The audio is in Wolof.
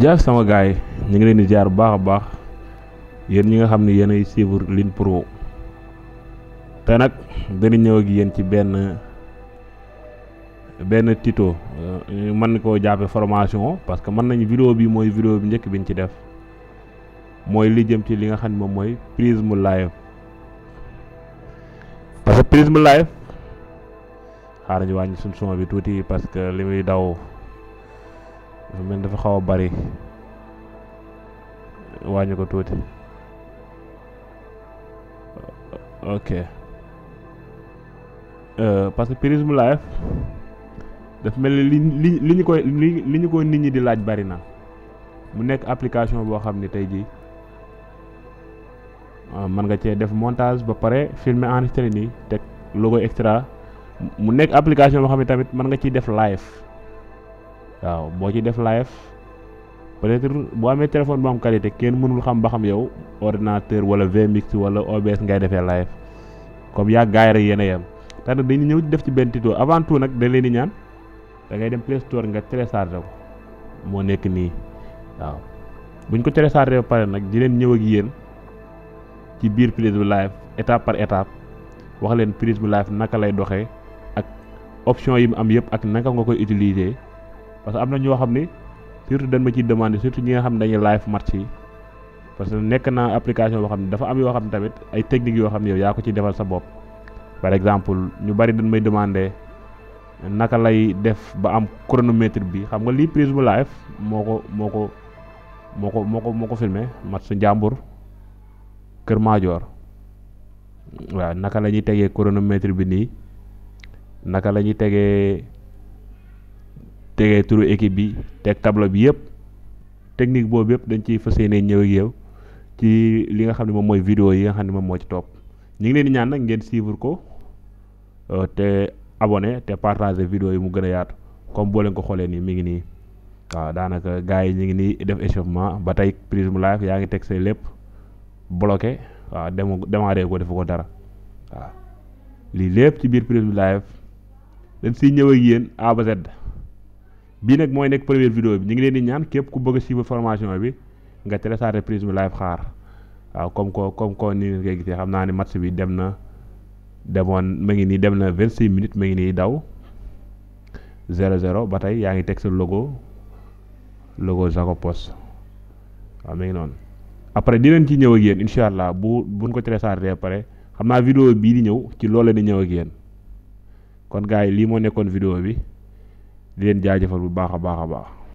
jaar sama gars yi ñu ngi leen di jaar bu baax a baax yéen ñi nga xam ne yéenay suivre Line Pro te nag dañu ñëw ak yéen ci benn benn tuto euh, mën koo jàppee formation parce que mën nañu vidéo bi mooy vidéo bi njëkk bi biñ ci def mooy li jëm ci li nga xam ne moom mooy Prism Live parce que Prism Live xaaral ñu wàññi suñ son bi tuuti parce que li muy daw lu mel dafa xaw a bari wàññi ko tuuti ok euh, parce que Prism daf mel ni li li li ñu koy li li ñu koy nit ñi di laaj bari na mu nekk application boo xam ne tey jii mën nga cee def montage ba pare filmer enregistré nii teg logo extra mu nekk application boo xam ne tamit mën nga ciy def live. waaw boo ci def live peut-être boo amee téléphone bu am qualité kenn mënul xam ba xam yow ordinateur wala vmix wala OBS ngay defee live comme yaa gaay rek yéen a yem te nag dañu ñëw def ci benn tuto avant tout nag da leen di ñaan dangay dem Play Store nga téléchargé ko moo nekk nii waaw buñ ko téléchargé ba pare nag di leen ñëw ak yéen ci biir prise bu live étape par étape wax leen prise bu live naka lay doxe ak option yi mu am yëpp ak naka nga koy utiliser. parce que am na ñoo xam ni surtout dan ma ciy demandé surtout ñi nga xam ne dañuy live match yi parce que nekk naa application boo xam ne dafa am yoo xam ne tamit ay techniques yoo xam ne yow yaa ko ciy defal sa bopp par exemple ñu bari dañ may demandé naka lay def ba am chronomètre bi xam nga lii Prism Live moo ko moo ko moo ko moo ko moo ko filmé match su njàmbur Kër Maajoor waaw naka la ñuy tegee chronomètre bi nii naka la ñuy tegee. tegee turu équipe bi teg tableau bi yëpp technique boobu yëpp dañ ciy fas yéene ñëw yow ci li nga xam ne moom mooy vidéo yi nga xam ne moom moo ci topp ñu ngi leen di ñaan nag ngeen suivre ko euh, te abonné te partager vidéo yi mu gën comme boo leen ko xoolee nii mi ngi nii waaw daanaka gars yi ñu ngi nii def échauffement ba tey Prism Live yaa ngi teg say lépp bloqué waaw dem démarré ko dara waaw lii ci biir Prism dañ siy ñëw ak yéen A bii nag mooy nekk première vidéo bi ñu ngi leen di ñaan képp ku bëgg a suivre formation bi nga télécharge reprise bi live xaar waaw comme ko comme ko ni ngeen koy gisee xam naa ne match bi dem na demoon ma ngi nii dem na 26 minutes ma ngi nii daw 0 ba tey yaa ngi teg sa logo logo Jacopos waaw ma ngi noonu après dinañ ci ñëw ak yéen incha allah bu buñ ko téléchargé pare xam naa vidéo bii di ñëw ci loolu la di ñëw a yéen kon gars lii moo nekkoon vidéo bi. di leen jaajëfal bu baax a baax a baax.